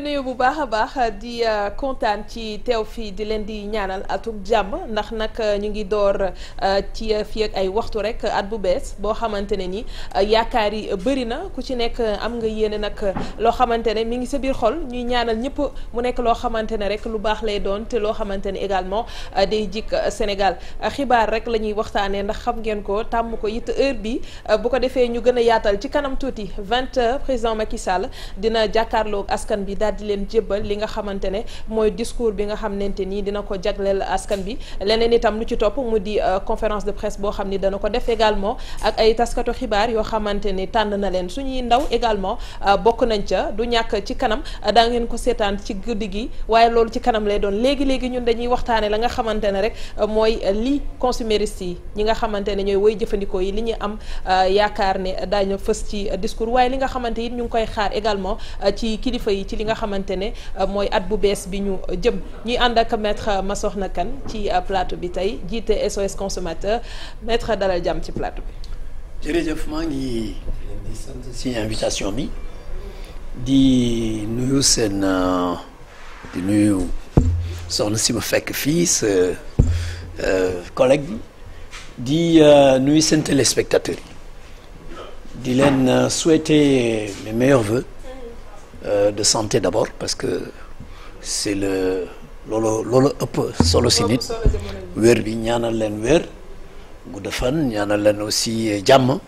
di bu baax a baax di euh, kontaan ci teew fii di leen di ñaanal atum jàmm ndax nag euh, ñu ngi door euh, ci fii ay waxtu rek at bu bees boo xamante ne ni yaakaar yi bëri na ku ci nekk am nga yéene nag loo xamante ne mi ngi sa biir xol ñuy ñaanal ñëpp mu nekk loo xamante ne rek lu baax lay doon te loo xamante ne également day jik Sénégal xibaar rek la ñuy waxtaanee ndax xam ngeen ko tàmm ko it heure bi bu ko defee ñu gën a yaatal ci kanam tuuti 20 président Macky daal di leen jébbal li nga xamante ne mooy discours bi nga xamante ni dina ko jagleel askan bi leneen itam lu ci topp mu di euh, conférence de presse boo xam ni dana ko def également ak ay taskatu xibaar yoo xamante ni tànn na leen suñuy ndaw également euh, bokk nañ ca du ñàkk ci kanam euh, daa ngeen ko seetaan ci guddi gi waaye loolu ci kanam lay doon léegi léegi ñun dañuy waxtaanee la nga xamante ne rek mooy lii consumériste yi ñi nga xamante ne ñooy woy jëfandikoo yi li ñuy am yaakaar ne daañu fës ci discours waaye li nga xamante it ñu ngi nga xamante ne euh, mooy at bu bees bi ñu jëm ñuy ànd ak ma soxna kan ci euh, plateau bi tey jiite SOS consommateur maître dalal jàmm ci plateau bi. jërëjëf maa ngi leen di sant invitation bi di nuyu seen euh, di soxna si fekk fii sa di nuyu seen téléspectateurs yi di leen souhaiter mes meilleurs vœux Euh, de santé d'abord parce que c'est le loolu loolu ëpp solo si nit wér bi ñaanal leen wér gudd fan ñaanal leen aussi jàmm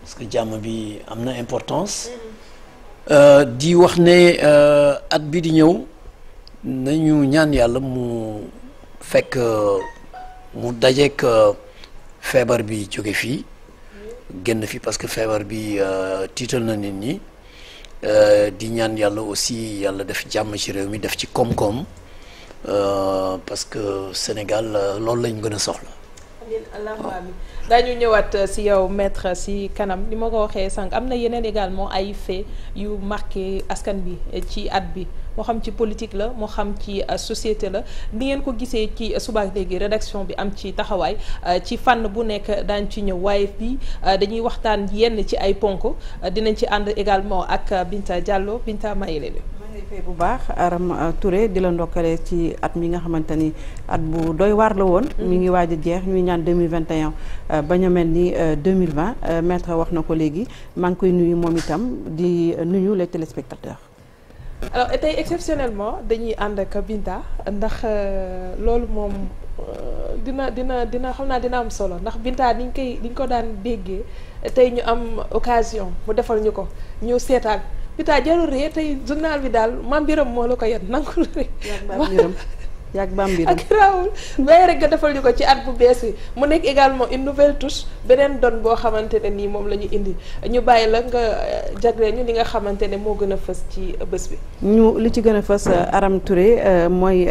parce que jàmm bi am na importance euh, di wax ne euh, at bi di ñëw nañu ñaan yàlla mu fekk mu dajeek feebar bi jóge fii génn fi parce que feebar bi tiital na nit ñi Euh, di ñaan yàlla aussi yàlla def jàmm ci réew mi def ci koom-koom euh, parce que Sénégal euh, loolu lañ gën a soxla. dañu ñëwaat euh, si yow maître si kanam ni ma ko waxee sànq am na yeneen également ay fait yu marqué askan bi euh, ci at bi moo xam ci politique la moo xam ci euh, société la ni ngeen ko gisee ci subaak léegi rédaction bi am ci taxawaay ci fànn bu nekk daañ ci ñëw waaye fii dañuy waxtaan yenn ci ay ponk dinañ ci ànd également ak Binta Diallo Binta Mayelele bu baax Arame euh, ture di la ndokkale ci at mi nga xamante ni at bu doy waar la woon mm-hmm. mi ngi waaj a jeex ñuy ñaan 2021 euh, bañ a mel ni 2020 euh, maître wax na ko léegi maa ngi koy nuyu moom itam di nuyu les téléspectateurs alors tey exceptionnellement dañuy ànd ak Binta ndax loolu moom dina dina dina xam naa dina am solo ndax Binta ni ñu koy ni ko daan béggee tey ñu am occasion mu defal ñu ko ñu seetaan putain jarul ree tey journal bi daal man biram moo la ko yan nangul rek. yàgg bambi ak raawul waaye rek nga defal ñu ko ci at bu bees yi mu nekk également une beneen don boo xamante nii moom la ñu indi ñu bàyyi la nga euh, jagleel ñu li nga xamante ne moo gën a fës ci euh, bés bi. ñu li ci gën a fës euh, Aram Touré mooy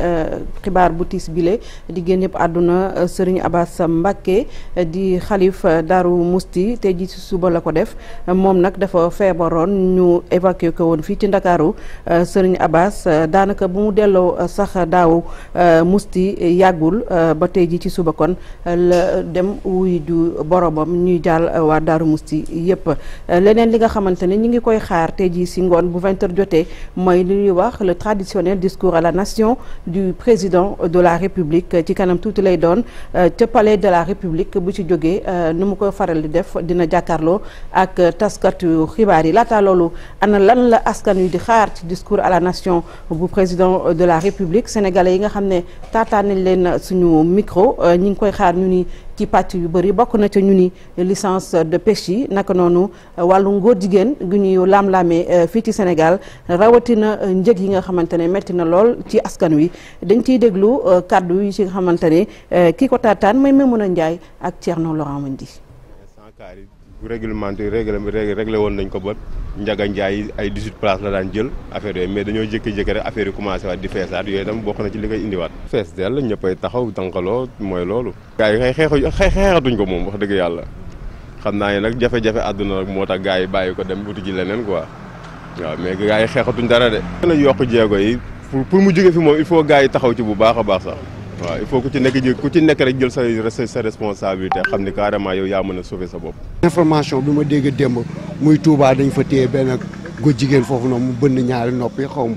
xibaar bu tiis bile di génn ñëpp àdduna Serigne Abass Mbacké di xalif Daaru Musti tey ji ci suba la ko def moom nag dafa feebaroon ñu évacué ko woon fii ci Ndakaaru Serigne Abass daanaka bu mu delloo sax daaw. Euh, musti yàggul euh, ba tey ji ci suba kon euh, la dem wuy ju boromam ñuy jàll waa daaru musti yépp leneen li nga xamante ne ñi ngi koy xaar tey ji si ngoon bu 20 jotee mooy li ñuy wax le traditionnel discours à la nation du président de la république ci kanam tuuti lay doon ca palais de la république bu ci jógee nu mu ko faral di def dina jàkkaarloo ak taskatu xibaar yi laata loolu ana lan la askan wi di xaar ci discours à la nation bu président de la république sénégalais yi nga xam xam ne taataan nañ leen suñu micro euh, ñi ngi koy xaar ñu ni ci pàcc yu bëri bokk na ca ñu ni licence de pêche yi naka noonu euh, wàllu ngóor jigéen gu ñuy laam-laamee euh, fii ci Sénégal rawatina njëg yi nga xamante ne métti na lool ci askan wi dañ ciy déglu kàddu yi ci nga xamante ne kii ko ma mooy a Ndiaye ak Thierno Laurent Mendy réglementé réglé réglé woon nañ ko ba Ndiaga Ndiaye ay 18 places la daan jël affaire yooyu mais dañoo jékki-jékki rek affaire yi commencé waat di feesaat yooyu tam bokk na ci li koy indiwaat. fees dell ñëppay taxaw tànqaloo mooy loolu. gars yi ko moom wax dëgg yàlla xam naa ne nag jafe-jafe àdduna nag moo tax gars yi bàyyi ko dem wuti ji leneen quoi waaw mais gars yi xeexatuñ dara de. gën a yokk jéego yi pour pour mu jóge fi moom il faut gars yi taxaw ci bu baax a baax sax. waaw il faut ku ci nekk ji ci nekk rek jël sa sa responsabilité xam ni carrément yow yaa mën a sauver sa bopp. information bi ma dégg démb muy Touba dañ fa téye benn góor jigéen foofu noonu mu bënn ñaari noppi xaw ma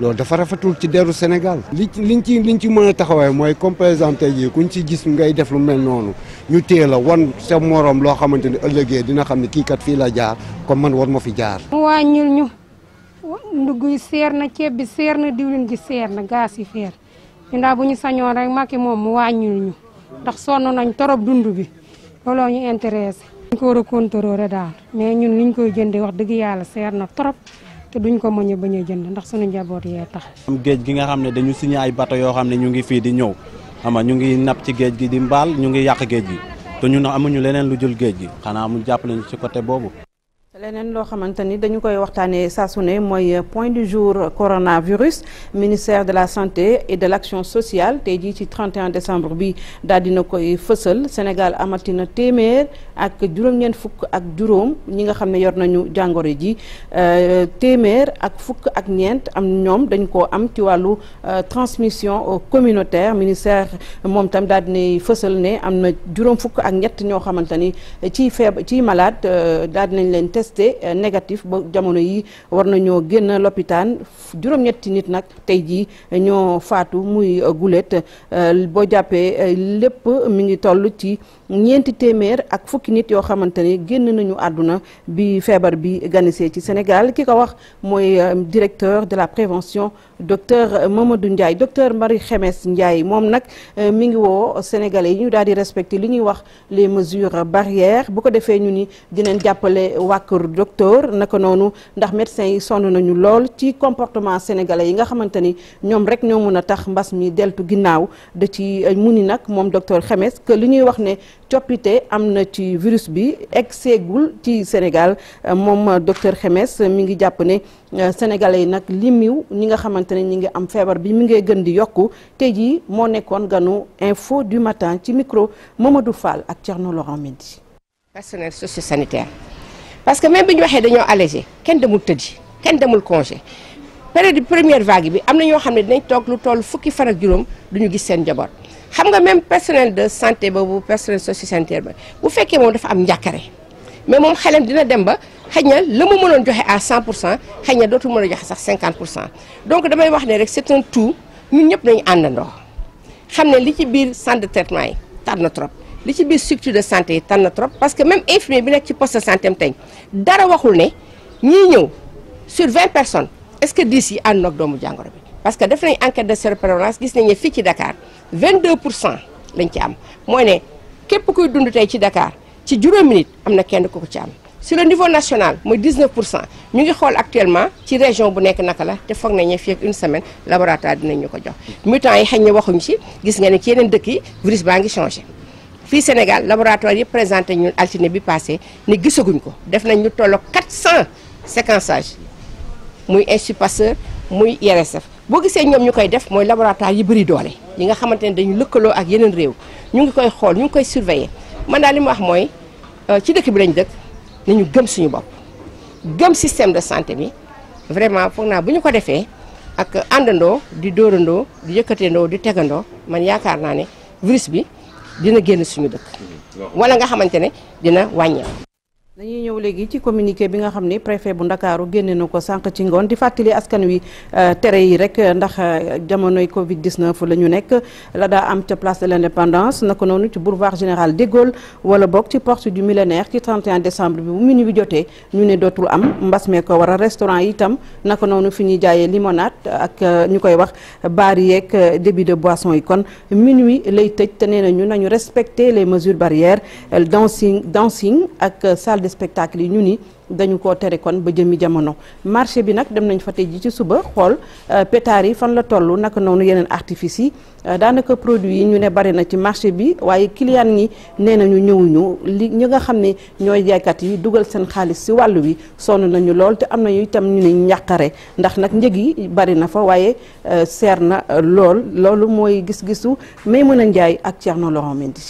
loolu dafa rafetul ci deru Sénégal. li ci liñ ci liñ ci mën a taxawee mooy comme par exemple tey jii kuñ ci gis ngay def lu mel noonu ñu téye la wan sa moroom loo xamante ni ëllëgee dina xam ne kii kat fii la jaar comme man war ma fi jaar. mu wàññil ñu ndugg yi seer na ceeb bi seer na diwlin ji na gaas ñu daal bu ñu sañoon rek Macky moom mu wàññil ñu ndax sonn nañ torop dund bi looloo ñu intéressé. ñu ko war a contrôler daal mais ñun liñ koy jëndee wax dëgg yàlla seer na trop te duñ ko mën a bañ a jënd ndax suñu njaboot yee tax. am géej gi nga xam ne dañu signé ay bato yoo xam ne ñu ngi fii di ñëw xam nga ñu ngi napp ci géej gi di mbaal ñu ngi yàq géej gi te ñu ñun amuñu leneen lu jël géej gi xanaa mu jàpp ñu ci côté boobu. leneen loo xamante ni dañu koy waxtaanee saa su ne mooy point du jour coronavirus ministère de la santé et de l' sociale tey jii ci 31 décembre bi daal dina koy fësal Sénégal amatina téeméer ak juróom fukk ak juróom ñi nga xam ne yor nañu jàngoro ji euh, téeméer ak fukk ak ñeent am ñoom dañ ko am ci wàllu euh, transmission communautaire ministère moom tam daal dinay fësal ne am na juróom fukk ak ñett ñoo xamante ni ci feeb ci malade euh, daal dinañ leen test testé euh, négatif ba jamono yi war nañoo génn loppitaan juróom-ñetti nit nag tey jii ñoo faatu muy gulet euh, boo jàppee euh, lépp mi ngi toll ci ñeenti téeméer ak fukki nit yoo xamante ne génn nañu àdduna bi feebar bi ganisee ci Sénégal ki ko wax mooy euh, directeur de la prévention docteur Mamadou Ndiaye docteur Marie Xemes Ndiaye moom nag euh, mi ngi woo sénégalais yi ñu daal di respecter li ñuy wax les mesures barrières bu ko defee ñu ni dinañ jàppale wàkkar docteur naka noonu ndax médecins yi sonn nañu lool ci comportement sénégalais yi nga xamante ni ñoom rek ñoo mun a tax mbas mi deltu ginnaaw da ci euh, mu ni nag moom docteur Xemes que li ñuy wax ne coppite am na ci virus bi egg seegul ci Sénégal euh, moom euh, docteur Xemes euh, mi ngi jàpp ne sénégalais yi nag li limiw ñi nga xamante ne ñi ngi am feebar bi mi ngay gën di yokku te jii moo nekkoon ganu info du matin ci micro Mamadou Fall ak Thierno Laurent Mendy. personnel socio parce que même bi ñu waxee dañoo allégé kenn demul tëddi kenn demul congé période première vague bi am na ñoo xam ne dinañ toog lu toll fukki fan ak juróom du ñu gis seen njaboot. xam nga même personnel de santé ba bu personnel socio-sanitaire ba bu fekkee moom dafa am njàkkare mais moom xelam dina dem ba xañ na la mu mënoon joxe à 100 pour cent xëy na dootul mën a joxe sax 50 pour cent donc damay wax ne rek c'est un tout ñun ñëpp nañu àndandoo xam ne li ci biir centre de traitement yi tar na trop li ci biir structure de santé yi tar na trop parce que même infirmier bi nekk ci poste de santé am tey dara waxul ne ñii ñëw sur 20 personnes est-ce que 10 yi ànd ak doomu jàngoro bi parce que def nañ enquête de surveillance gis nañ ne fii ci Dakar 22 pour cent lañ ci am mooy ne képp kuy dund tey ci dakaar ci juróomi nit am na kenn ku ko ci am. sur le niveau national mooy 19 pour cent ñu ngi xool actuellement ci région bu nekk naka la te foog nañu fii une semaine laboratoire dinañu ñu ko jox. mutant yi xëy na waxuñu si gis nga ne ci yeneen dëkk yi virus baa ngi changé fii Sénégal laboratoire yi présenté ñun altine bi passé ni gisaguñ ko def nañ ñu tolloo 400 séquençage muy Institut Pasteur muy IRSF. boo gisee ñoom ñu koy def mooy laboratoire yi bëri doole yi nga xamante ne dañu lëkkaloo ak yeneen réew ñu ngi koy xool ñu ngi koy surveiller man daal li mu wax mooy euh, ci dëkk bi lañ dëkk nañu gëm suñu bopp gëm système de santé bi vraiment foog naa bu ñu ko defee ak àndandoo di dóorandoo di yëkkateendoo di tegandoo man yaakaar naa ne virus bi dina génn suñu dëkk mm-hmm. wala nga xamante ne dina wàññeek dañuy ñëw léegi ci communiqué bi nga xam ni préfet bu ndakaaru génne na ko sànq ci ngoon di fàttali askan wi euh, tere yi rek euh, ndax euh, jamonoy Covid 19 la ñu nekk la daa am ca place de l' indépendance naka noonu ci boulevard général dégol wala boog ci porte du millénaire ci 31 décembre bi bu minuit bi jotee ñu ne dootul am mbas mee ko waral restaurant yi itam naka noonu fi ñuy jaayee limonade ak ñu koy wax baar yeeg débit de boisson yi kon minuit lay tëj te nee nañu nañu respecter les mesures barrières dancing dancing ak salle spectacle yi ñu ni dañu koo tere kon ba jëmi jamono marché bi nag dem nañ fa tey ji ci suba xool euh, pétard yi fan la toll naka noonu yeneen artifice yi euh, daanaka produit yi ñu ne bari na ci marché bi waaye kiliyaan ñi nee nañu ñëwuñu li ñi nga xam ne ñooy jaaykat yi dugal seen xaalis si wàllu wi sonn nañu lool te am na nañu itam ñu ne njàqare ndax nag njëg yi bari na fa waaye euh, seer na lool loolu mooy gis-gisu Maimouna mën a njaay ak Mendy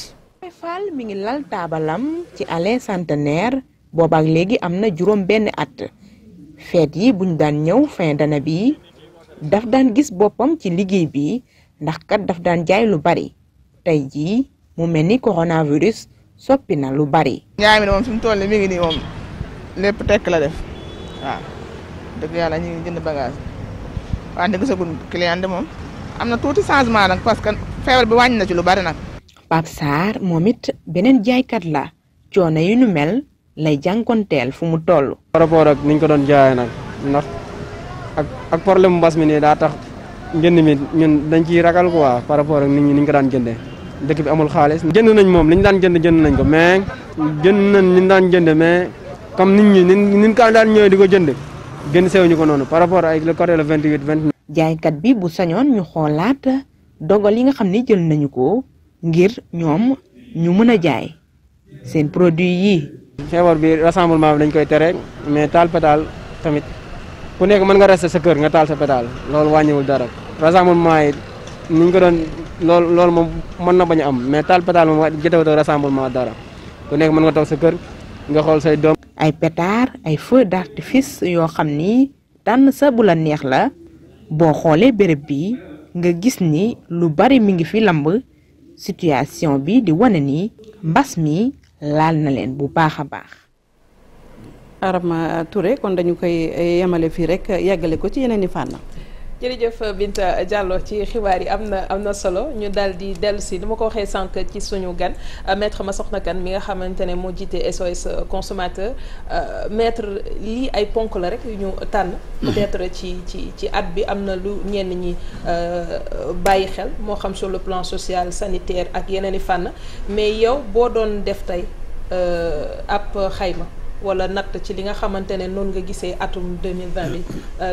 Fall mi ngi lal taabalam ci boobaak léegi am na juróom benn at feet yi buñ daan ñëw fin d'année bi daf daan gis boppam ci liggéey bi ndax kat daf daan jaay lu bari tey ji mu mel ni coronavirus soppi na lu bari. ñaay mi moom fi mu toll mi ngi nii moom lépp tekk la def waaw dëgg yàlla ñu ngi jënd bagage wante gisagul client de moom am na tuuti changement nag parce que feebar bi wàññi na ci lu bari nag. Pape Sarr moom it beneen jaaykat la coono yi nu mel. lay jànkonteel fu mu toll. par rapport ak niñ ko doon jaayee nag ndax ak ak problème mbas mi nii daa tax njënd mi ñun dañ ciy ragal quoi par rapport ak nit ñi ni ko daan jëndee dëkk bi amul xaalis. jënd nañ moom li daan jënd jënd nañ ko mais jënd nañ li ñu daan jënd mais comme nit ñi nin nin ka daan ñëwee di ko jënd gën sewuñu ko noonu par rapport ay le côté le 28 29. jaaykat bi bu sañoon ñu xoolaat dogal yi nga xam ne jël nañu ko ngir ñoom ñu mën a jaay seen produit yi. feebar bi rassemblement bi dañ koy tere mais taal pétale tamit ku nekk mën nga rester sa kër nga taal sa pétale loolu wàññewul dara rassemblement yi ni ñu ko doon loolu loolu moom mën na bañ a am mais taal pétale moom jotewutoo rassemblement dara ku nekk mën nga toog sa kër nga xool say doom. ay pétard ay feu d'artifice yoo xam ni tànn sa bu la neex la boo xoolee béréb bi nga gis ni lu bari mi ngi fi lamb situation bi di wane ni mbas mi. laal na leen bu baax a baax. Arama Touré kon dañu koy yemale fii rek yàggale ko ci yeneen i fànn. jërëjëf Binta Diallo ci xibaar yi am na am na solo ñu daal di dellu si ni ko waxee sànq ci suñu gan euh, ma Massokhna Kane mi nga xamante ne moo jiite SOS euh, consommateur euh, maître lii ay ponk la rek yu ñu tànn. Mm-hmm. peut ci ci ci at bi am na lu ñenn ñi bàyyi xel moo xam sur le plan social sanitaire ak yeneen i fànn mais yow boo doon def tey ab xayma wala natt ci li nga xamante ne noonu nga gisee atum 2020 bi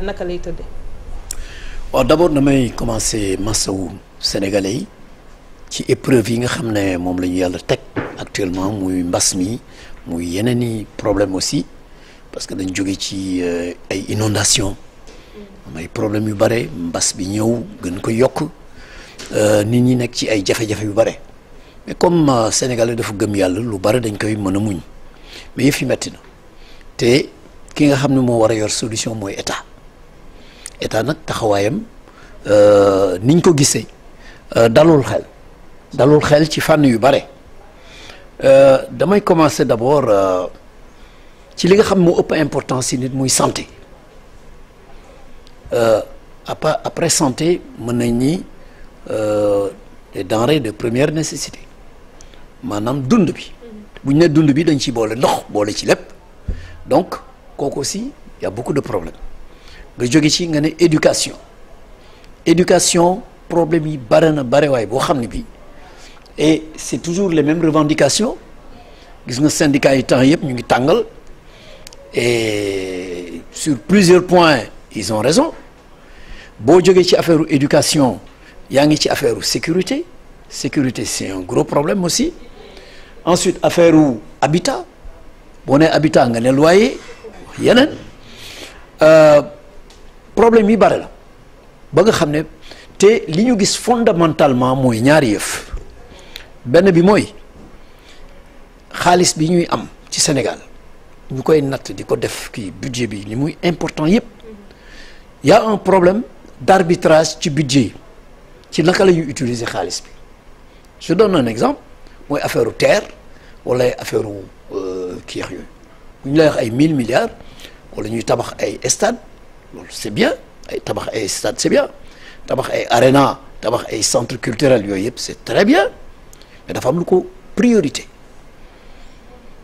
naka lay tëddee. waaw oh, d' abord damay commencer masawu sénégalais yi ci épreuve yi nga xam ne moom la ñu yàlla teg actuellement muy mbas mi muy yeneen i problème aussi parce que dañ jóge ci euh, ay inondation am ay problème yu bare mbas bi ñëw gën ko yokk euh, nit ñi nekk ci ay jafe-jafe yu bare mais comme euh, sénégalais dafa gëm yàlla lu bare dañ koy mën a muñ mais yëf yi te ki nga xam ne moo war a yor solution mooy état état nag taxawaayam euh, niñ ko gisee euh, dalul xel dalul xel ci fànn yu bare euh, damay commencer d'abord ci li nga xam moo ëpp importance ci nit muy santé après après santé mën nañ ni des denrées de première nécessité maanaam dund bi bu ñu ne dund bi dañ ci boole ndox boole ci lépp donc kooku aussi y beaucoup de problèmes nga jóge ci nga ne éducation éducation problème yi bare na bare waaye boo xam ne bi e c'est toujours les mêmes revendications gis nga syndicats yi temps yëpp ñu ngi tàngal et sur plusieurs points ils ont raison boo jóge ci affaire éducation yaa ngi ci affaire sécurité sécurité c'est un gros problème aussi ensuite affaire habitat boo nee habitat nga ne loyer yeneen euh, problème yi bare la ba nga xam ne te li ñu gis fondamentalement mooy ñaari yëf benn bi mooy xaalis bi ñuy am ci Sénégal ñu koy natt di ko def kii budget bi li muy important yëpp y a un problème d'arbitrage ci budget yi ci naka la ñuy utiliser xaalis bi je donne un exemple mooy affaire terre wala affaire euh, kii yooyu bu ñu lay ay mille milliards wala ñuy tabax ay stade loolu c'est bien ay tabax ay stade c'est bien tabax ay arena tabax ay centre culturel yooyu yëpp c'est très bien mais dafa am lu ko priorité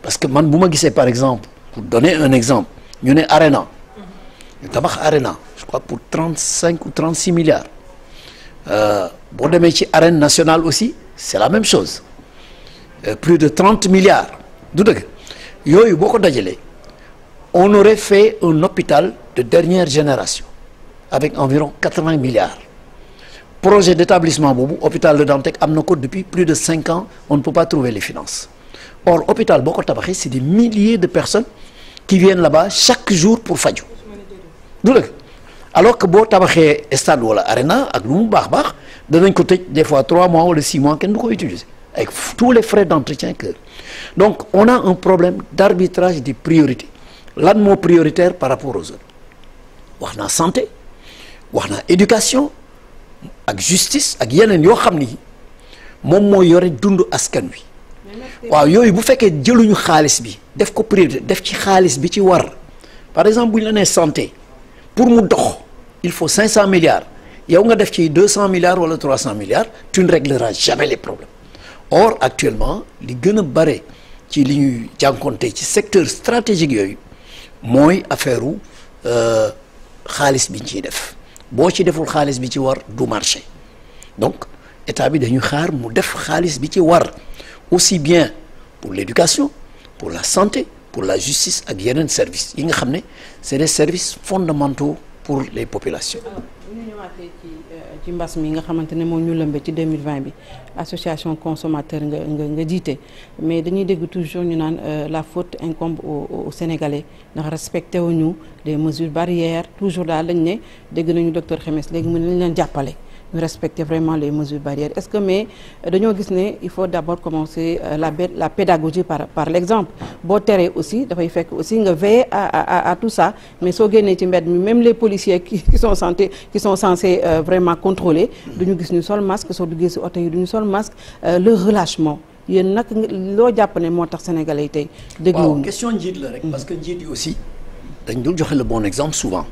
parce que man bu ma gisee par exemple pour donner un exemple ñu ne arena tabax arena pour trente cinq ou trente six milliards euh, boo demee ci arène nationale aussi c'est la même chose euh, plus de trente milliards du dëgg yooyu boo ko dajalee on aurait fait un hôpital de dernière génération avec environ 80 milliards projet d'établissement boobu hôpital de Dantec am na ko depuis plus de cinq ans on ne peut pas trouver les finances or hôpital boo ko tabaxee c'est des milliers de personnes qui viennent là-bas chaque jour pour faju du alors que boo tabaxee stade wala arena ak lu mu baax baax danañ ko tëj des fois trois mois wala six mois kenn du ko utiliser avec tous les frais d'entretien que donc on a un problème d'arbitrage des priorités lan moo prioritaire par rapport aux autres wax naa santé wax naa éducation ak justice ak yeneen yoo xam ni moom moo yore dund askan wi waaw yooyu bu fekkee jëluñu xaalis bi def ko priorité def ci xaalis bi ci war par exemple bu ñu la nee santé pour mu dox il faut 500 milliards yow nga def ci 200 milliards wala 300 milliards tu ne régleras jamais les problème or actuellement li gën a bare ci li ñuy jànkoonte ci secteur stratégique yooyu mooy affaire u euh, xaalis bi ciy def boo ci deful xaalis bi ci war du marché donc état bi dañuy xaar mu def xaalis bi ci war aussi bien pour l'éducation pour la santé pour la justice ak yeneen service yi nga xam ne c'est des service fondamentaux pour les populations. ñu ñëwaatee euh, ci mbas mi nga xamante ne moom ñu lëmbee ci 2020 bi association consommateur nga nga nga jiite mais dañuy dégg toujours ñu naan euh, la faute incombe aux Sénégalais ndax respecté wuñu les mesures barrières toujours daal lañ ne dégg nañu docteur Xemes léegi mu ne lañ leen jàppale ñu respecter vraiment les mesures barrières est-ce que mais euh, dañoo gis ne il faut d'abord commencer euh, la la pédagogie par par l'exemple boo teree aussi dafay fekk aussi nga veiller à à tout ça mais soo génnee ci mbedd mi même les policiers qui sont santé qui sont censés euh, vraiment contrôler ñu gis ñu sol masque soo duggee si oto yi ñu sol masque le relâchement yéen nag loo jàpp ne moo tax sénégalais yi tey. dégluwuñu waaw question njiit la rek. Mm. parce que njiit yi aussi dañ dul joxe le bon exemple souvent.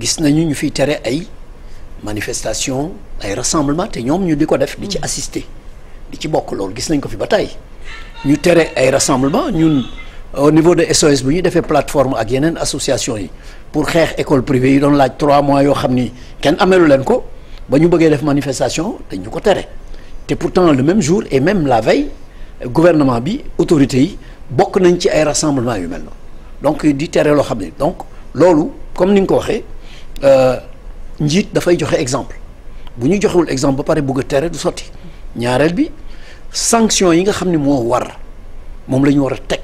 gis nañu ñu fiy tere ay. manifestation ay rassemblement te ñoom ñu di ko def di ci hmm. assister di ci bokk loolu gis nañ ko fi ba tey ñu teree ay rassemblement ñun au niveau de SOS bu ñu defee plateforme ak yeneen association yi pour xeex école privée yi doon laaj trois mois yoo xam ni kenn amelu leen ko ba ñu bëggee def manifestation dañ ñu ko tere te pourtant le même jour et même la veille gouvernement bi autorité yi bokk nañ ci ay rassemblement yu mel noonu donc di tere loo xam ne donc loolu comme ni nga ko waxee euh, njiit dafay joxe exemple bu ñu joxewul exemple ba pare bugg a tere du sotti ñaareel bi sanction yi nga xam ni moo war moom la ñu war a teg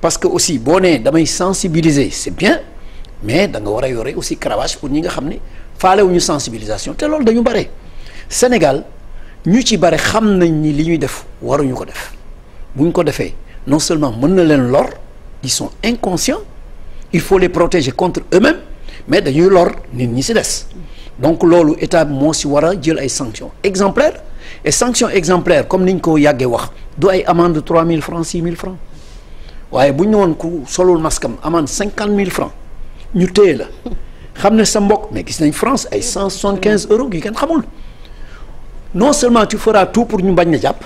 parce que aussi boo nee damay sensibiliser c'est bien mais danga war a yore aussi cravage pour ñi nga xam ni faalewuñu sensibilisation te loolu dañu bare Sénégal ñu ci bare xam nañ ni li ñuy def waruñu ko def buñ ko defee non seulement mën na leen lor ils sont inconscients il faut les protéger contre eux-mêmes mais dañuy lor nit ñi si des donc loolu état moo si war a jël ay sanctions exemplaires et sanctions exemplaires comme ni ñu ko yàggee wax du ay amande trois mille francs six mille francs waaye bu ñu ne ku solul masque am amende cinquante mille francs ñu téye la xam ne sa mbokk mais gis nañ France ay cent soixante quinze euros yu kenn xamul non seulement tu feras tout pour ñu bañ na jàpp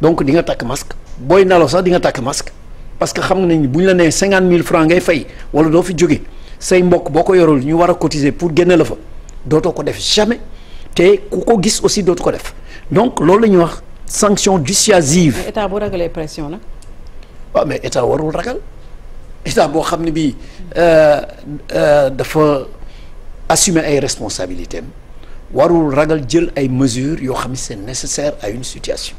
donc di nga takk masque booy nelaw sax di nga takk masque parce que xam nañ bu ñu la nee cinquante mille francs ngay fay wala doo fi jóge say mbokk boo ko yorul ñu war a cotiser pour génne la fa dootoo ko def jamais te ku ko gis aussi dootu ko def donc loolu la ñuy wax sanction dissuasive. mais état bu ragalee pression nag. waaw mais état warul ragal boo xam ne bii euh, euh, dafa assumer ay responsabilités warul ragal jël ay mesures yoo xam ne c'est nécessaire à une situation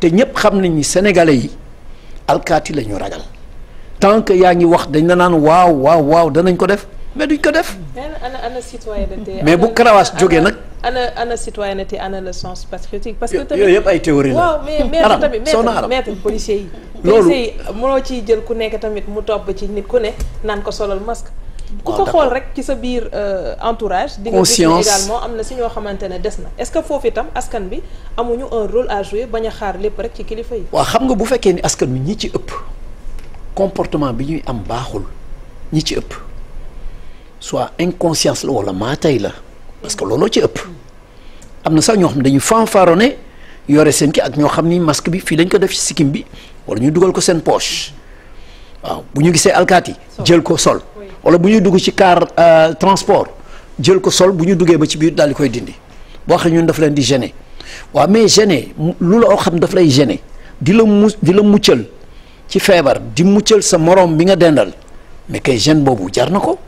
te ñëpp xam nañ ni sénégalais yi alkaati la ñu ragal. tant que yaa ngi wax dañ la naan waaw waaw waaw danañ ko def me duñ ko def. mais bu Karawaas jógee nag. ana ana citoyenneté ana le sens patriotique. parce que tamit yooyu yëpp ay théorie la. waaw mais maître tamit maître maître policier yi. loolu ciy jël ku nekk tamit mu topp ci nit ku ne naan ko solal masque. ku ah, ko xool rek ci sa biir euh, entourage. di nga gis également am na si ñoo xamante ne des na. est-ce que foofu itam askan bi amuñu un rôle à jouer bañ xaar lépp rek ci kilifa yi. waaw xam nga bu fekkee ni askan wi ñi ci ëpp. comportement bi ñuy am baaxul ñi ci ëpp soit inconscience la wala maa tey la parce que looloo ci ëpp am na sax ñoo xam ne dañuy fanfaronné yore seen ki ak ñoo xam ni masque bi fii lañ ko def ci sikkim bi wala ñu dugal ko seen poche waaw bu ñu gisee alkaati jël ko sol wala bu ñuy dugg ci car euh, transport jël ko sol bu ñu duggee ba ci biir daal di koy dindi boo ñun daf leen di gêner waaw mais gêner lu oo xam daf lay gêner di la mu di la muccal ci feebar di muccal sa morom bi nga dendal mais kay gêne boobu jar na ko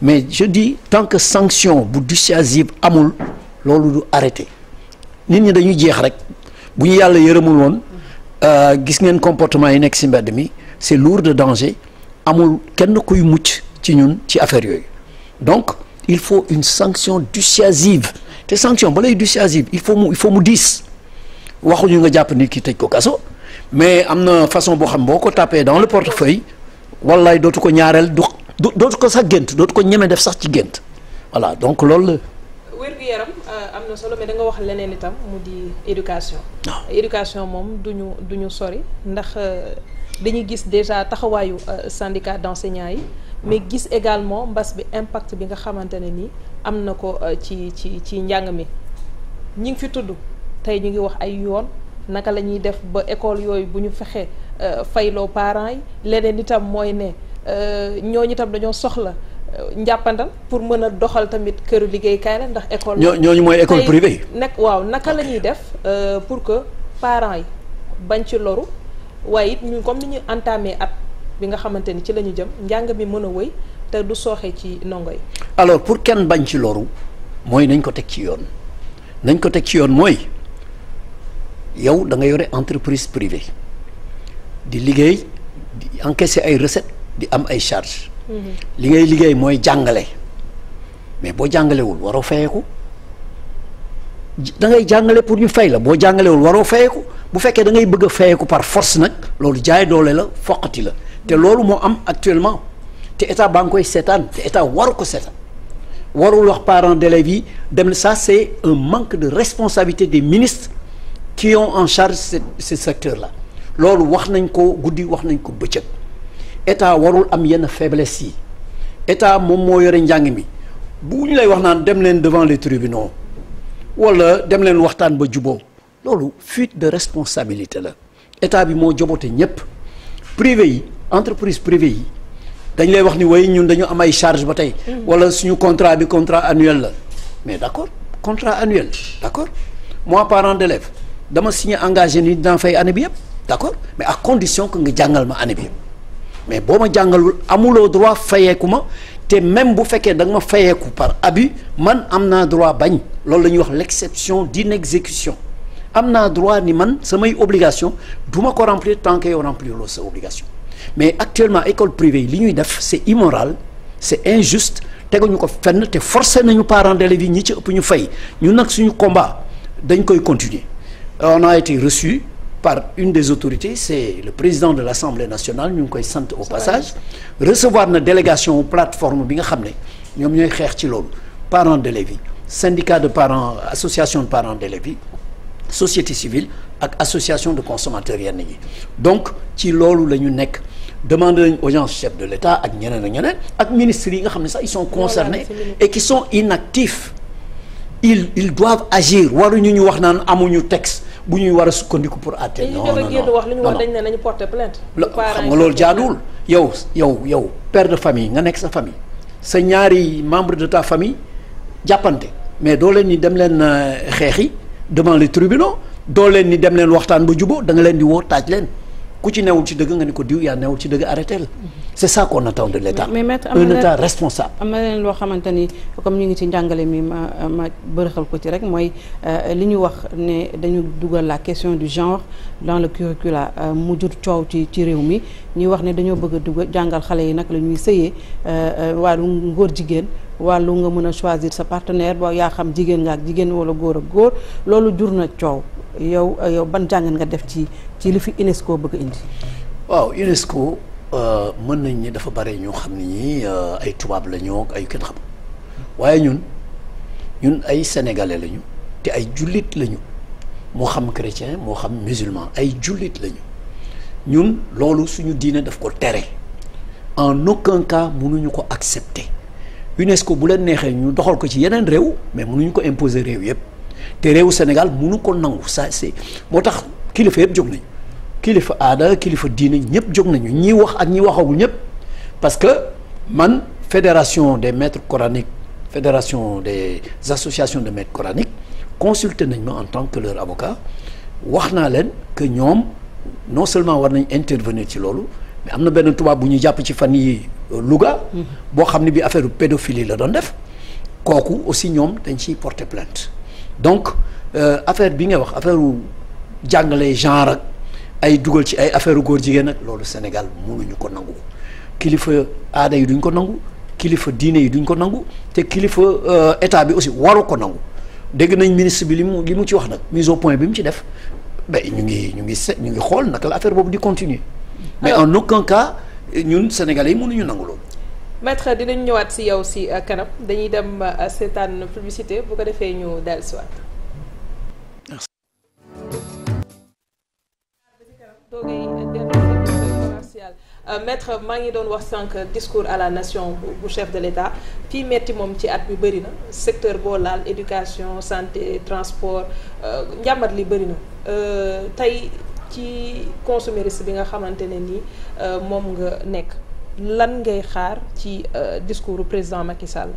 mais je di tant que sanction bu dissuasive amul loolu du arrêté nit ñi dañuy jeex rek bu ñu yàlla yërëmul woon euh, gis ngeen comportement yi nekk si mbedd mi c'est lourd de danger amul kenn kuy mucc ci ñun ci affaire yooyu donc il faut une sanction dissuasive te sanction ba lay dissuasive il faut mu il faut mu diis waxuñu nga jàpp nit ki tëj ko kaso mais am na façon boo xam boo ko tàppee dans le portefeuille wallaay dootu ko ñaareel du dootu ko sax gént dootu ko ñeme def sax ci gént voilà donc loolu la. wér-gu-yaram euh, am na solo mais da wax leneen itam mu di éducation. Ah. éducation moom duñu duñu sori ndax euh, dañuy gis déjà taxawaayu euh, syndicat d'enseignants yi. mais gis également mbas bi impact bi nga xamante ne nii am na ko ci ci ci njàng mi ñi ngi fi tudd tey ñu ngi wax ay yoon. naka la ñuy def ba école yooyu bu ñu fexee euh, fayloo parents yi leneen itam mooy ne euh, ñooñu itam dañoo soxla euh, njàppandal pour mën a doxal tamit këru liggéeykaay la ndax école. ñooñu mooy école privée. nekk waaw naka la ñuy def pour que parents yi bañ ci loru waaye it ñun comme ni ñu entamé at bi nga xamante ni ci la ñu jëm njàng mi mën a wëy te du sooxee ci ndongo yi. alors pour kenn bañ ci loru mooy nañ ko teg ci yoon nañ ko teg ci yoon mooy. yow da nga yore entreprise privée di liggéey di encaisser ay recettes di am ay charges. Mhm. li ngay liggéey mooy jàngale mais boo jàngalewul waroo fayeeku da ngay jàngale pour ñu fay la boo jàngalewul waroo fayeeku bu fekkee da ngay bëgg a fayeeku par force nag loolu jaay doole la foqati la te loolu moo am actuellement te état baa ngi koy seetaan te état waru ko seetaan warul wax parents d'élèves yi dem na ça c'est un manque de responsabilité des ministres qui ont en charge secteur là loolu wax nañ ko guddi wax nañ ko bëccëg état warul am yenn faiblesse yi état moom moo yore njàng mi bu lay wax naan dem leen devant les tribunaux wala dem leen waxtaan ba juboo loolu fuite de responsabilité la état bi moo jobote ñëpp privé entreprise privée yi dañ lay wax ni way ñun dañu am ay charge ba tey mm. wala suñu contrat bi contrat annuel la mais d'accord contrat annuel d'accord moi parent d'élève dama signé engagé ni dinaa fay année bi yëpp d'accord mais à condition que ngi jàngal ma année bi yëpp mais boo ma jàngalul amuloo droit fayeeku ma te même bu fekkee da nga ma fayeeku par abus man am naa droit bañ loolu la ñuy wax l'exception d'inexécution am naa droit ni man samay obligation du ma ko remplir tant que yow remplir loo sa obligation mais actuellement école privée li ñuy def c'est immoral c'est injuste teguñu ko fenn te forcé nañu parents d'élèves yi ñi ci ëpp ñu fay ñu nag suñu combat dañ koy continuer on a été reçu par une des autorités c'est le président de l'Assemblée nationale ñu ngi koy sant au passage recevoir na délégation plateforme bi nga xam ne ñoom ñooy xeex ci loolu parents d'élèves yi syndicat de parents association de parents d'élèves yi société civile ak association de consommateurs yenn yi donc ci loolu la ñu nekk demandé nañ audience chef de l'État ak ñeneen ak ak ministres yi nga xam ne sax ils sont concernés et qui sont inactifs ils agir waruñu ñu wax naan amuñu texte bu ñuy war a sukkandiku pour àtte. non non non wax lu ñu wax dañ ne nañu porter plainte. xam nga loolu jaaduwul yow yow yow père de famille nga nekk sa famille sa ñaari membre de ta famille jàppante mais doo leen ni dem leen euh, xeexi devant les tribunaux doo leen ni dem leen waxtaan ba juboo da nga leen di woo taaj leen ku ci newul ci dëgg nga ni ko diw yaa newul ci dëgg arrêté la. c'est ça qu'on attend de l'État un État responsable am na leen loo xamante ni comme ñu ngi ci njàngale mi ma ma bërëxal ko ci rek mooy euh, li ñu wax ne dañu dugal la question du genre dans le curricula euh, mu jur coow ci ci réew mi ñuy wax ne dañoo bëgg a dugal jàngal xale yi nag la ñuy sëyee euh, wàllu ngóor jigéen wàllu nga mën a choisir sa partenaire boo yaa xam jigéen nga ak jigéen wala góor ak góor loolu jur na coow yow yow ban jàngat nga def ci ci li fi UNESCO bëgg indi Euh, mën nañ ni dafa bare ñoo xam ne ñi euh, ay tubaab la ñoo ay kenn xam waaye ñun ñun ay sénégalais lañu te ay jullit lañu moo xam chrétien moo xam musulman ay jullit lañu ñun loolu suñu diine daf ko tere en aucun cas mënuñu ko accepter UNESCO bu leen neexee ñu doxal ko ci yeneen réew mais munuñu ko imposer réew yëpp te réewu Sénégal munu ko nangu ça si moo tax kilifa yëpp jóg nañu. kilifa aada kilifa diine ñëpp jóg nañu ñi wax ak ñi waxagul ñëpp parce que man fédération des maîtres coraniques fédération des associations de maîtres coraniques consulté nañ ma en tant que leur avocat wax naa leen que ñoom non seulement war nañ intervenir ci loolu mais am na benn tubaab bu ñuy jàpp ci fan yi euh, Louga. Mm-hmm. boo xam ne bi affaire pédophilie la doon def kooku aussi ñoom dañ ciy porter plainte donc euh, affaire bi nga wax affaire jàngale genre ak. ay dugal ci ay affaire góor jigéen nag loolu Sénégal mënuñu ko nangu kilifa aada yi duñ ko nangu kilifa diine yi duñ ko nangu te kilifa euh, état bi aussi waru ko nangu dégg nañ ministre bi li mu li mu ci wax nag mise au point bi mu ci def mais ñu ngi ñu ngi ñu ngi xool naka la affaire boobu di continuer mais en aucun cas ñun sénégalais yi mënuñu nangu loolu. maître dinañ ñëwaat si yow si euh, kanam dañuy dem euh, seetaan publicité bu ko defee ñu dellusiwaat. doogay commercial euh, maître maa ngi doon wax sànq discours à la nation bu chef de l'État fii metti moom ci at bi bëri secteur boo laal éducation santé transport euh, njàmbat li bëri na euh, tey ci consumériste bi nga xamante ne nii moom nga nekk lan ngay xaar ci discours président Macky Sall.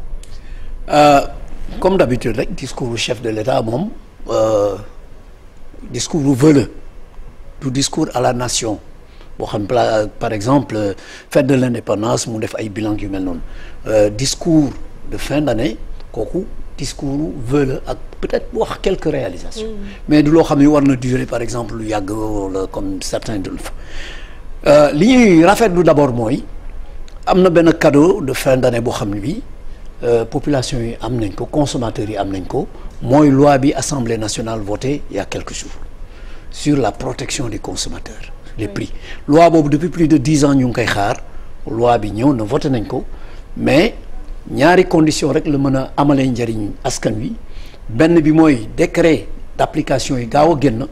comme d'habitude rek discours chef de l'État moom discours vële. du discours à la nation boo xam par exemple fête de l'indépendance mu def ay bilan yu mel noonu euh, discours de fin d'année kooku discours veule la ak peut-être wax quelques réalisations mm. mais du loo xam ne war na durer par exemple lu yàgg wala comme certains dul fa euh, li ñuy rafetlu d'abord mooy am na benn cadeau de fin d'année boo xam ne bi euh, population yi am nañ ko consommateurs yi am nañ ko mooy loi bi assemblée nationale votée il y a sur la protection des consommateurs les prix loi boobu depuis plus de dix ans ñu ngi koy xaar loi bi ñëw na voté nañ ko mais ñaari condition rek la mën a amalee njëriñ askan wi benn bi mooy décret d'application yi gaaw a génn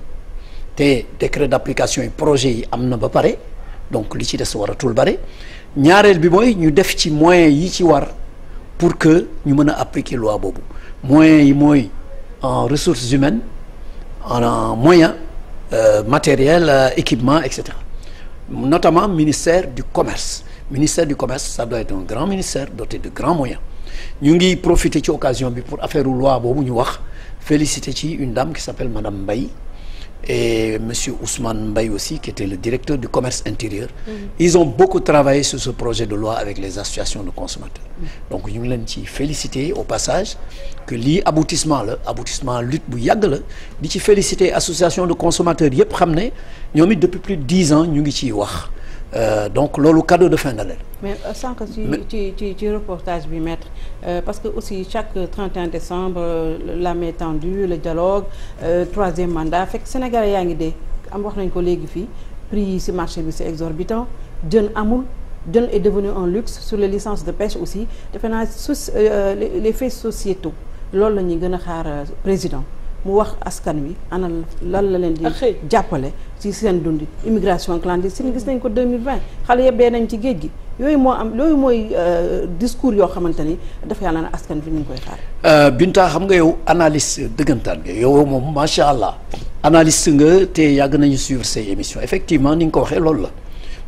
te décret d'application yi projet yi am na ba pare donc li ci des waratul bare ñaareel bi mooy ñu def ci moyens yi ci war pour que ñu mën a appliquer loi boobu moyen yi mooy en ressources humaines en moyens Euh, matériel euh, équipement et cetera notamment ministère du commerce ministère du commerce ça doit être un grand ministère doté de grands moyens ñu ngi profiter ci occasion bi pour affaire loi boobu ñu wax féliciter ci une dame qui s'appelle madame mbay et monsieur Ousmane Mbaye aussi qui était le directeur du commerce intérieur mmh. ils ont beaucoup travaillé sur ce projet de loi avec les associations de consommateurs mmh. donc ñu ngi leen ci féliciter au passage que lii aboutissement la aboutissement lutte bu yàgg la di ci féliciter association de consommateurs yëpp xam ne ñoom it depuis plus de dix ans ñu ngi ciy wax Euh, donc loolu cadeau de fin d'année mais euh, sànq ci ci ci reportage bi maître euh, parce que aussi chaque 31 euh, décembre euh, la main tendue le dialogue euh, troisième mandat fekk Sénégal yaa ngi de am wax nañ ko léegi fii prix yi ci marché bi c'est exorbitant jën amul jën et devenu un luxe sur les licences de pêche aussi defe naa sus les faits sociétaux loolu la ñuy gën a xaar président mu wax askan wi ana lan la leen di jàppale ci seen dundi immigration clandestine gis nañ ko 2020 xale yëpp dee nañ ci géej gi yooyu moo am yooyu mooy euh, discours yoo xamante ni dafa yàlla askan bi ñu koy xaar euh, Binta xam nga yow analyste dëggantaan nga yow moom macha allah analyste nga te yàgg nañu suivre ces émission effectivement ni nga ko waxee loolu la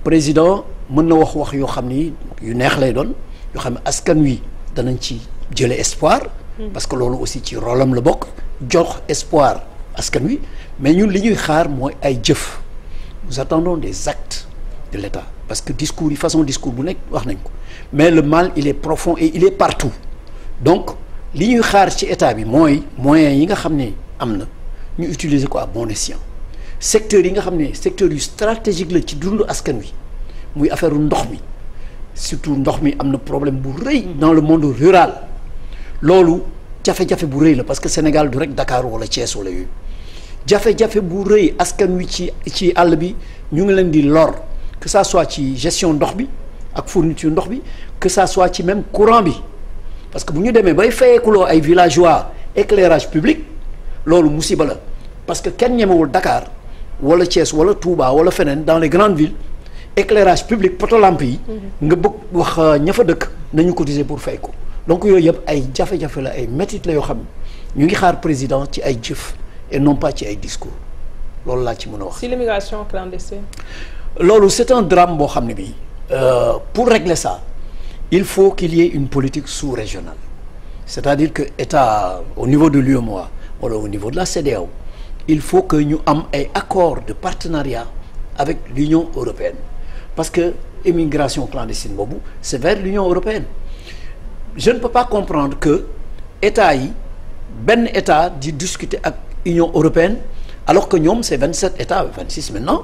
président mën na wax wax yoo xam ni yu neex lay doon yoo xam ne askan wi danañ ci jële espoir Mm-hmm. parce que loolu aussi ci rolam la bokk jox espoir askan wi mais ñun li ñuy xaar mooy ay jëf nous attendons des actes de l'État parce que discours yi façon discours bu nekk wax nañ ko mais le mal il est profond et il est partout donc li ñuy xaar ci état bi mooy moyens yi nga xam ne am na ñu utiliser ko à bon escient yi nga xam ne secteur yu stratégique la ci dundu askan wi muy affaire ndox mi surtout ndox mi am na problème bu rëy dans le rural loolu jafe-jafe bu rëy la parce que Sénégal du rek dakaaru wala Thiès wala yooyu jafe-jafe bu rëy askan wi ci ci àll bi ñu ngi leen di lor que ça soit ci gestion ndox bi ak fourniture ndox bi que ça soit ci même courant bi parce que bu ñu demee bay fayeekuloo ay village villageois éclairage publique loolu musiba la parce que kenn ñemewul Dakar wala Thiès wala Touba wala feneen dans les grandes villes éclairage publique poto lampe yi. Mhm. nga bëgg wax euh, ña dëkk nañu cotiser pour fay ko. donc yooyu yëpp ay jafe-jafe la ay métit la yoo xam ñu ngi xaar président ci ay jëf et non pas ci ay discours loolu laa ci mën a wax. si l'immigration clandestine. loolu c'est un drame boo xam ne bii euh, pour régler ça il faut qu'il y une politique sous-régionale c'est-à-dire que état au niveau de l'UEMOA wala au niveau de la CEDEAO il faut que ñu am ay accords de partenariat avec l'Union européenne parce que immigration clandestine boobu c'est vers l'Union européenne. je ne peux pas comprendre que état yi benn état di discuter ak Union européenne alors que ñoom c'est état états 26 maintenant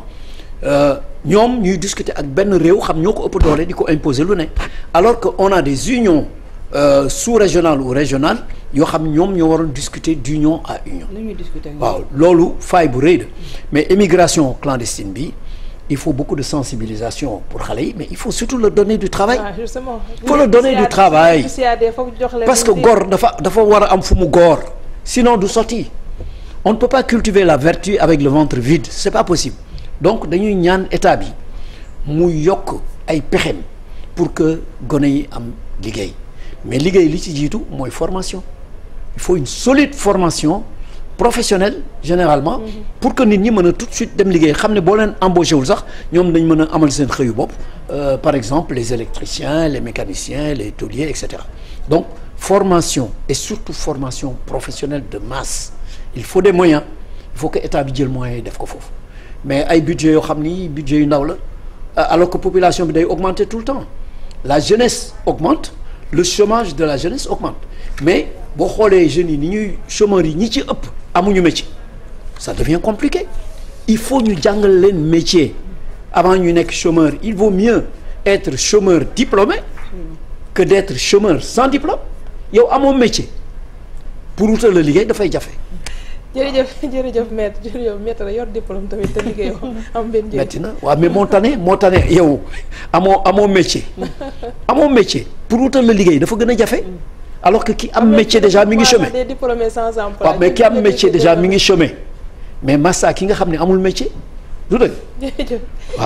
euh, ñoom ñuy discuter ak benn réew xam ñoo ko ëpp doole di ko imposer lu ne alors que on a des unions Euh, sous-régional ou régional yoo xam ñoom ñoo waroon discuter d'union à union waaw loolu faille bu rëy la mais immigration clandestine bi il faut beaucoup de sensibilisation pour xale yi mais il faut surtout leur donner du travail. Ah, justement il faut leur donner du travail. parce que góor dafa dafa war am fu mu góor. sinon du sotti on ne peut pas cultiver la vertu avec le ventre vide c'est pas possible donc dañuy ñaan état bi mu yokk ay pexem pour que gone yi am liggéey mais liggéey li ci jiitu mooy formation il faut une solide formation. professionnel généralement. Mhm. pour que nit ñi mën a tout de suite dem liggéey xam ne boo leen embauché wul sax ñoom dañ mën a amal seen xëyu bopp euh, par exemple les électriciens les mécaniciens les tôliers et cetera donc formation et surtout formation professionnelle de masse il faut des moyens il faut que état bi jël moyens yi def ko foofu mais ay budget yoo xam ni budget yu ndaw la euh, alors que population bi day augmenter tout le temps la jeunesse augmente le chômage de la jeunesse augmente mais boo xoolee jeunes yi ni ñuy chômeurs yi ñi ci ëpp. amuñu métier ça devient compliqué il faut ñu jàngal leen métier avant ñu nekk chômeur il vaut mieux être chômeur diplômé que d'être chômeur sans diplôme yow amoo métier pour wutal la liggéey dafay jafe. jërëjëf jërëjëf maître jërëjëf maître yor diplôme tamit te liggéeyoo am benn na waa mais moo tane moo tane yow amoo amoo métier amoo métier pour wutal la liggéey dafa gën a jafe. alors que ki am métier déjà mi ngi chômé waaw mais ki am métier déjà mi ngi chômé mais massa ki nga xam ne amul métier jëf dëgg. jërëjëf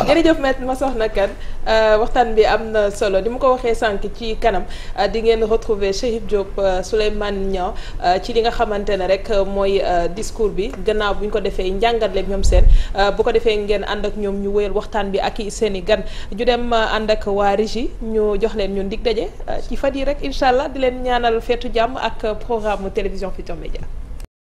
jërëjëf maître Massokhna Kane euh, waxtaan bi am na solo ni mu ko waxee sànq ci kanam euh, di ngeen retrouver Chérif Diop euh, Souleymane Niang ci li nga xamante ne rek mooy discours bi gannaaw bu ñu ko defee njàngat leen ñoom seen bu ko defee ngeen ànd ak ñoom ñu wéyal waxtaan bi ak i seen i gan ju dem ànd ak waa régie ñu jox leen ñun dig daje ci fat yi rek incha allah di leen ñaanal feetu jàmm ak programme télévision Futurs Médias